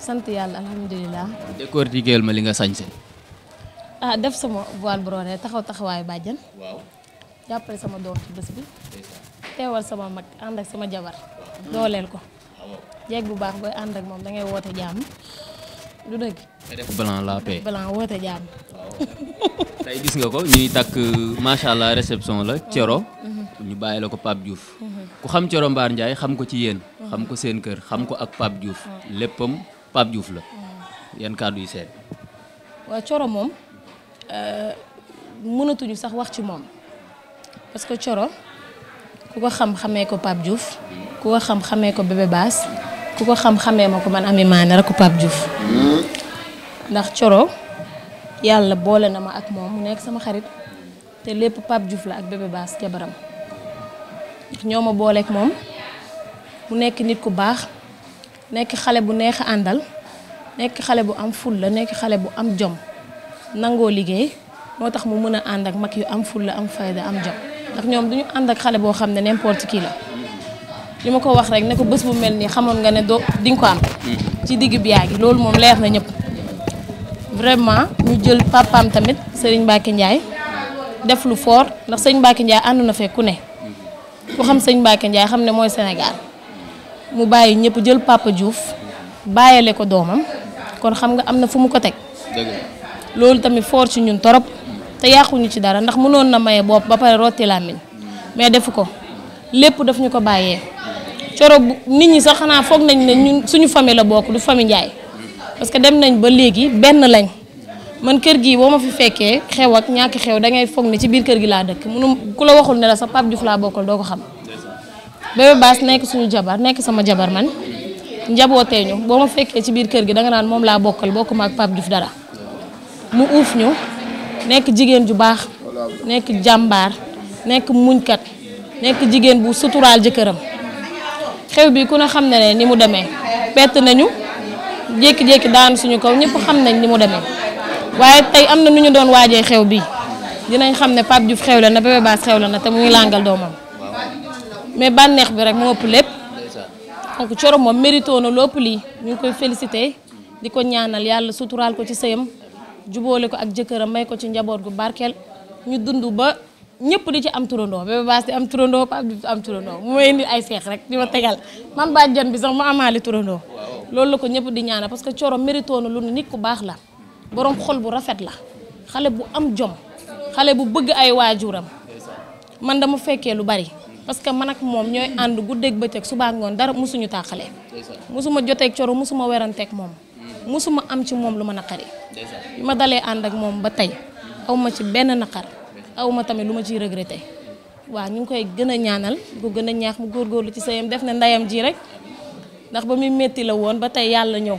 sant yàlla alhamdulilah. décortiquer ma li nga sañse ah def sama voile brodé taxaw taxawaayu bàjjan. waaw jàppale sama doom ci bés bi. teewal sama mag ànd ak sama jabar. dooleel ko. jeeg bu baax booy ànd ak moom da ngay woote jàmm du dëgg. nga la paix blanc woote jàmm. tey gis nga ko ñuy takk macha allah réception la Coro. Mhm. ñu bàyyi la ko Pape Diouf. Mhm. ku xam Coro Mbar Ndiaye xam ko ci yéen. Mhm. xam ko seen kër xam ko ak Pape Diouf léppam. Pape juuf la yan kàddu yu seet waaw Coro moom euh, mënatuñu sax wax ci moom parce que Coro ku ko xam-xamee ko Pape juuf ku ko xam-xamee ko Bébé Baas ku ko xam-xamee ma ko man Ami Mané rek ko Pape Diouf ndax Coro yàlla boole na ma ak moom mu nekk sama xarit te lépp Pape juuf la ak Bébé Baas jabaram ndax ñoo ma booleek moom mu nekk nit ku baax nekk xale bu neex àndal nekk xale bu am fulla nekk xale bu am jom nangoo liggéey moo tax mu mën a ànd ak mag yu am fulla am fayda am jom ndax ñoom duñu ànd ak xale boo xam ne n'importe qui la li ma ko wax rek ne ko bës bu mel nii xamoon nga ne doo di ko am hmm. ci digg bi yaa loolu moom leer na ñëpp vraiment ñu jël papaam tamit Serigne Mbacké Ndiaye def lu fort ndax sëñ Mbacké Ndiaye ànd na fekk ku ne ku xam sëñ Mbacké Ndiaye xam ne mooy senegal mu bàyyi ñëpp jël Papa Diouf bàyyale ko doomam kon xam nga am na fu mu ko teg. loolu tamit foor ci ñun torop te yàquñu ci dara ndax mënoon na maye bopp ba pare rotti làmmiñ mais defu ko lépp daf ñu ko bàyyee coro nit ñi sax xanaa foog nañ ne ñun suñu famille la bokk du famille Ndiaye parce que dem nañ ba léegi benn lañ. man kër gii boo ma fi fekkee xew ak ñàkk xew da ngay foog ne ci biir kër gi laa dëkk munu ku la waxul ne la sa Pape Diouf laa bokkal doo ko xam Bébé Bass nekk suñu jabar nekk sama jabar man njabootee ñu boo ma fekkee ci biir kër gi danga naan moom laa bokkal bokkuma ak Pape Diouf dara mu uuf ñu nekk jigéen ju baax nekk jàmbaar nekk muñkat nekk jigéen bu suturaal jëkkëram xew bi ku ne xam ne ni mu demee bett nañu jékki-jékki daanu suñu kaw ñëpp xam nañ ni mu demee waaye tey am na nu ñu doon waajee xew bi dinañ xam ne Pape Diouf xew la na Bébé Bass xew la na te muy làngal doomam mais bànneex bi rek moo ëpp lépp donc Thioro moom mérito na lépp lii ñu ngi koy félicité di ko ñaanal yàlla suturaal ko ci sëyam juboole ko ak jëkkëram may ko ci njaboot gu barkeel ñu dund ba ñëpp di ci am turandoo Bébé Bass di am turandoo Pape Diouf di am turandoo mu indi ay seex rek di ma tegal man bàjjan bi sax mu turandoo loolu la ko ñëpp di ñaanal parce que Thioro mérito na lu nit ku baax la borom xol bu rafet la xale bu am jom xale bu bëgg ay waajuram man dama fekkee lu bari parce que man ak moom ñooy ànd guddeeg bëccëg subaa ngoon dara mosuñu tàqale mosuma joteeg coro mosuma weranteeg moom mosuma mm. am ci moom lu ma naqari bi ma dalee ànd ak moom ba tey aw ma ci benn naqar aw ma tamit lu ma ciy regretté waaw ñu ngi koy gën a ñaanal ko gën a ñaax mu góorgóorlu ci sa yam def na ndeyam jii rek ndax ba muy metti la woon ba tey yàlla ñëw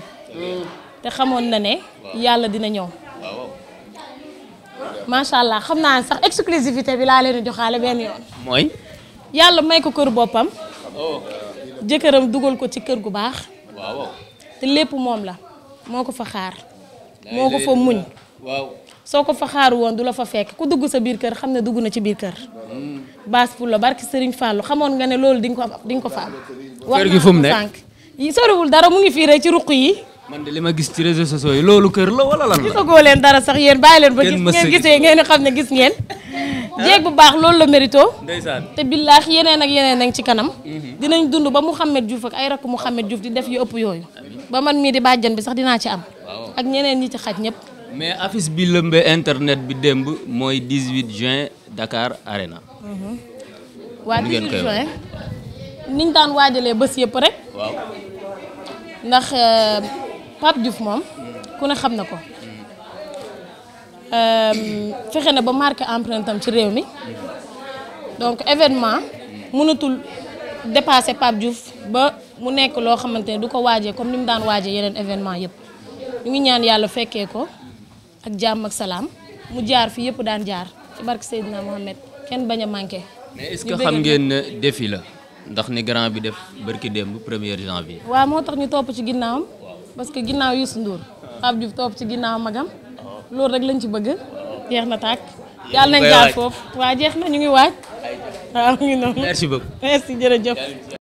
te xamoon na ne yàlla dina ñëw macha allah xam naa sax exclusivité bi laa leen di joxaale yàlla may ko kër boppam oh. jëkkëram dugal ko ci kër gu baax te lépp moom la moo ko fa xaar moo ko fa muñ soo ko fa xaar woon du la fa fekk ku dugg sa biir kër xam ne dugg na ci biir kër hmm. baas pour la barki Serigne Fallou xamoon nga ne loolu di nga ko di nga fa am kër gi fu mu nekk soriwul dara mu ngi fii rek ci ruq yi man de li ma gis ci réseaux sociaux yi loolu kër la wala lan la gisagoo leen dara sax yéen bàyyi leen ba gis ngeen gisee ngeen xam ne gis ngeen jéeg bu baax loolu la mérito ndeysaan te billaax yeneen ak yeneen nag ci kanam mhm. dinañ dund ba mu Mouhamed Diouf ak ay rakk Mouhamed Diouf di def yu ëpp yooyu ba man mii di bàjjan bi sax dinaa ci am ak ñeneen ñi ci xaj ñëpp mais affiche bi lëmbe internet bi démb mooy 18 juin dakaar Arena mhm. waa 18 juin niñ daan waajalee bés yëpp rek waaw ndax euh, Pape Diouf moom ku ne xam na ko Euh, fexe na ba marqué empreinte ci réew mi donc événement mënatul dépasser Pape Diouf ba mu nekk loo xamante ne du ko waajee comme ni mu daan waaje yeneen événement yëpp ñu ngi ñaan yàlla fekkee ko ak jàmm ak salaam mu jaar fii yëpp daan jaar ci barke Seydina Mohamed kenn bañ a manqué. mais est-ce xam ngeen ne défi la ndax ni grand bi def barki démb premier janvier. waa moo tax ñu topp ci ginnaawam parce que ginnaaw Youssou Ndour Pape Diouf topp ci ginnaaw magam. loolu rek lañ ci bëgg jeex na tàkk yàlla nañ jaar foofu waa jeex na ñu ngi waaj waaw ngi noonu merci beaucoup merci jërëjëf